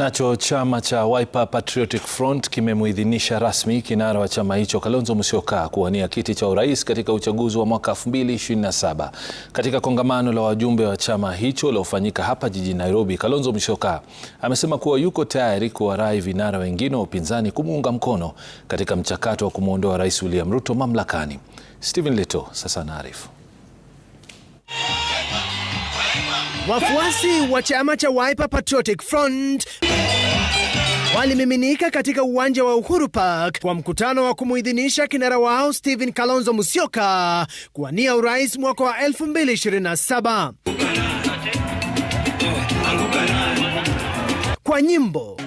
Nacho chama cha Wiper Patriotic Front kimemuidhinisha rasmi kinara wa chama hicho Kalonzo Musyoka kuwania kiti cha urais katika uchaguzi wa mwaka 2027. Katika kongamano la wajumbe wa chama hicho lilofanyika hapa jijini Nairobi, Kalonzo Musyoka amesema kuwa yuko tayari kuwarai vinara wengine wa upinzani kumuunga mkono katika mchakato wa kumwondoa Rais William Ruto mamlakani. Stephen Leto sasa anaarifu. Wafuasi wa chama cha Wiper Patriotic Front walimiminika katika uwanja wa Uhuru Park kwa mkutano wa kumuidhinisha kinara wao Stephen Kalonzo Musyoka kuwania urais mwaka wa 2027 kwa nyimbo,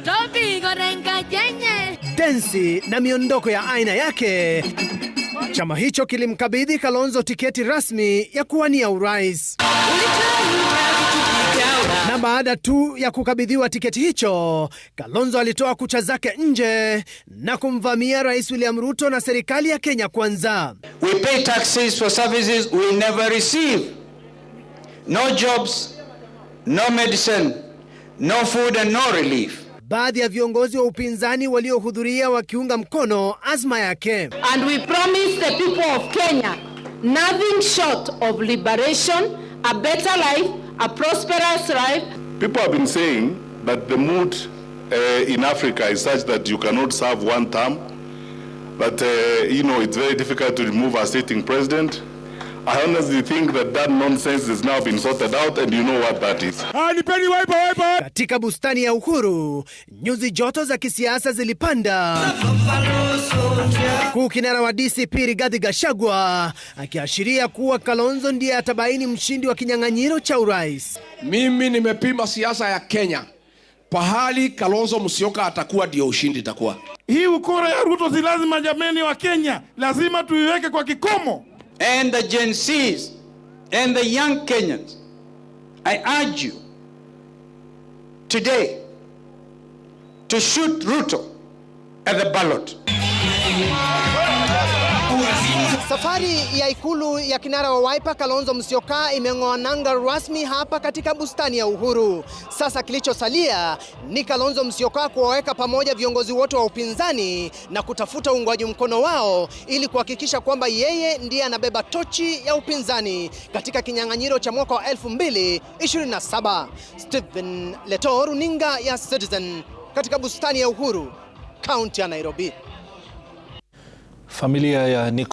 densi na miondoko ya aina yake. Chama hicho kilimkabidhi Kalonzo tiketi rasmi ya kuwania urais, na baada tu ya kukabidhiwa tiketi hicho, Kalonzo alitoa kucha zake nje na kumvamia Rais William Ruto na serikali ya Kenya Kwanza. We pay taxes for services we never receive. No jobs, no medicine, no food and no relief baadhi ya viongozi wa upinzani waliohudhuria wakiunga mkono azma yake. And we promise the people of Kenya nothing short of liberation, a better life, a prosperous life. People have been saying that the mood uh, in Africa is such that you cannot serve one term, that uh, eh, you know it's very difficult to remove a sitting president. I honestly think that that nonsense has now been sorted out and you know what that is. Ah, nipeni Katika bustani ya Uhuru, nyuzi joto za kisiasa zilipanda. Kuu kinara wa DCP Rigathi Gachagua akiashiria kuwa Kalonzo ndiye atabaini mshindi wa kinyang'anyiro cha urais. Mimi nimepima siasa ya Kenya. Pahali Kalonzo Musyoka atakuwa ndio ushindi itakuwa. Hii ukora ya Ruto si lazima, jameni wa Kenya, lazima tuiweke kwa kikomo and the Gen Zs and the young Kenyans, I urge you today to shoot Ruto at the ballot. Safari ya ikulu ya kinara wa Waipa Kalonzo Musyoka imeng'oa nanga rasmi hapa katika bustani ya Uhuru. Sasa kilichosalia ni Kalonzo Musyoka kuwaweka pamoja viongozi wote wa upinzani na kutafuta uungwaji mkono wao ili kuhakikisha kwamba yeye ndiye anabeba tochi ya upinzani katika kinyang'anyiro cha mwaka wa 2027. Stephen Leto, runinga ya Citizen, katika bustani ya Uhuru, kaunti ya Nairobi. Familia ya Nico